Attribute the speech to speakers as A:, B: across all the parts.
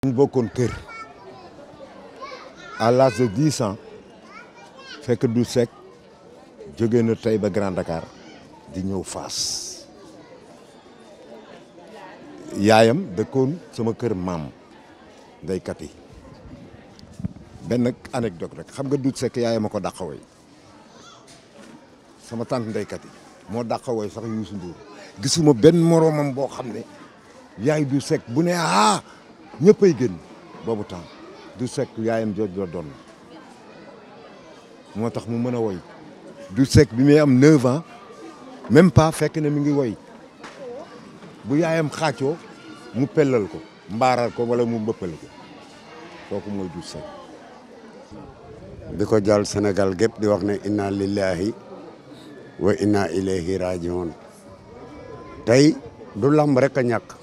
A: ñu bokkoon kër à l'âge de dix ans fekk du sec jóge na tey ba Grand Dakar di ñëw Fass yaayam dëkkoon sama kër maam Ndey Kati benn anecdote rek xam nga du sekk yaayam a ko dàqawee sama tante Ndey moo dàqawee sax Youssou Ndour gisuma benn moroomam boo xam ne yaay du sec bu ne ah. ñëppay génn boobu temps du sek yaayam jooj la doon moo tax mu mën a woy du sek bi muy am 9 ans même pas fekk ne mi ngi woy bu yaayam xaacoo mu pellal ko mbaaral ko wala mu mbëppal ko kooku mooy du sekk
B: di ko jàll senegal gépp di wax ne inna lillahi wa inna ilayhi rajiun tey du lamb rek a ñàkk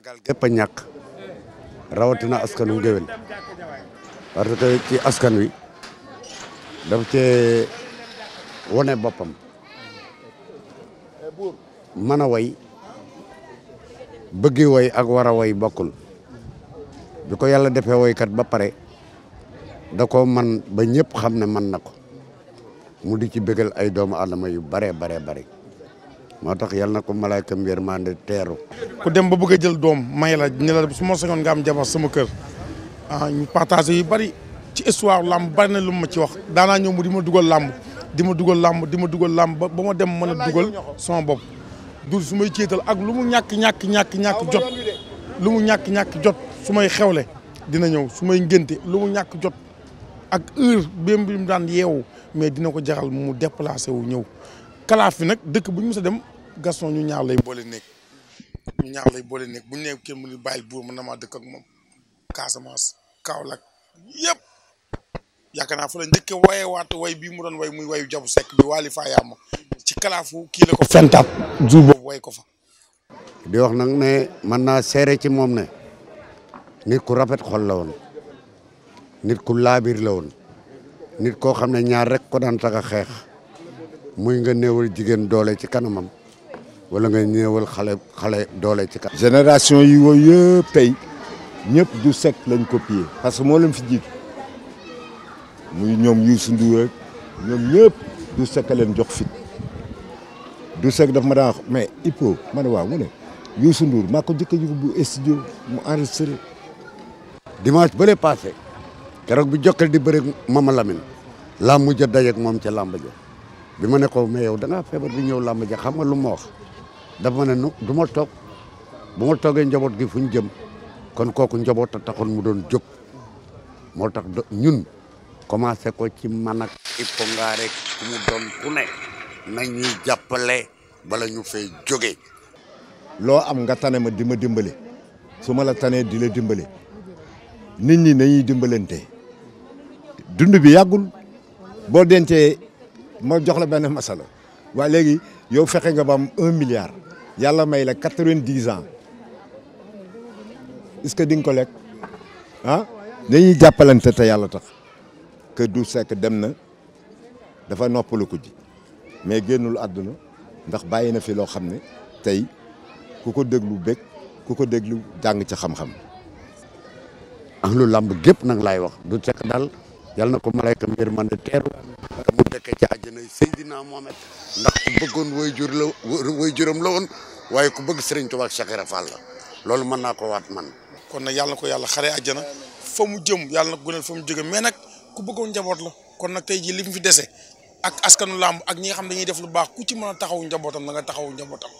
B: Sénégal gépp a ñàkk rawatina askanu ngéwél parce que ci askan wi daf cee wone boppam mën a way bëggi way ak war way bokkul bi ko yàlla defee woykat ba pare da ko man ba ñëpp xam ne man na ko mu di ci bëggal ay doomu aadama yu bare bare bare motax tax yal na ko mande teru. teeru ku
C: dem ba bëgg a jël doom may la ne la suma ma nga am jabar sama kër ah ñu partager yu bari ci histoire lamb bari na lu ma ci wax daanaa ñëw mu di ma dugal làmb di ma dugal làmb di ma dugal làmb ba nyak ma dem nyak duggal dugal sama nyak dul su may ak lu mu ñak ñak ñak ñak jot lu mu ñak ñak jot suma xewle dina ñew suma may lu mu ñak jot ak heure bëmbim daan yeewu mais dina ko jaxal mu déplacer wu ñew kalaaf bi nag dëkk bu ñu mës dem gason ñu ñaar lay boole nekk ñu ñaar lay boole nekk bu ne nee kenn mënu bàyyil buur mën na maa dëkk ak moom Casamance Kaolack yëpp yaakaar naa fa la njëkk waye waat way bii mu doon way muy wayu jabu sekk bi waali faayaama ci kalaafu kii la ko fentaat jour boobu way ko fa
B: di wax nag ne man naa seere ci moom ne nit ku rafet xol la woon nit ku laabir la woon nit koo xam ne ñaar rek ko daan taga xeex muy nga newal jigéen doole ci kanamam wala nga néewal xale xale doole ci kanam. génération
A: yi wooyu yëpp tey ñëpp du Seck lañ copier parce que moo leen fi jiitu muy ñoom Youssou Ndour rek ñoom ñëpp du Seck leen jox fit du Seck daf ma daan wax mais Hippo ma ne waaw mu ne Youssou Ndour
B: maa ko njëkk a bu studio mu enregistré. dimanche bële passé keroog bi jokkal di bëri Mama Lamine laa mujj a moom ca làmb ja bi ma ne ko mais yow da ngaa feebar bi ñëw làmb ja xam nga lu ma wax dafa ne nu du toog bu ma toogee njaboot gi fu ñu jëm kon kooku njaboot a mu doon jóg moo tax ñun commencé ko ci man ak ipongaa rek ku doon ku ne nañuy jàppale bala ñu fay jóge loo am nga tane ma
A: di ma dimbale su ma la tanee di la dimbale nit ñi nañuy dimbalante dund bi boo dencee ma jox la benn masala waa léegi yow fexe nga ba am un milliard yàlla may la quatre-vingt-dix ans est que di nga ko lekk ah dañuy jàppalante te yàlla tax kër du sekk dem na dafa noppalu ko ji mais génnul àdduna ndax bàyyi na fi loo xam ne tey ku ko déglu bég
B: ku ko déglu jàng ci xam-xam lu làmb gépp nag laay wax du sekk daal yàlla na ko malayka mbir man de teeru nekkee ci àjjanay Seydina Mohamed ndax ku bëggoon way jur la way juram la woon waaye ku bëgg Serigne Touba ak Cheikh Ibra Fall la loolu mën naa koo waat man
C: kon nag yàlla na ko yàlla xare àjjana fa mu jëm yàlla na ko gënal fa mu jóge mais nag ku bëggoon njaboot la kon nag tey jii li mu fi dese ak askanu làmb ak ñi nga xam dañuy def lu baax ku ci mën taxaw njabootam na nga taxawu njabootam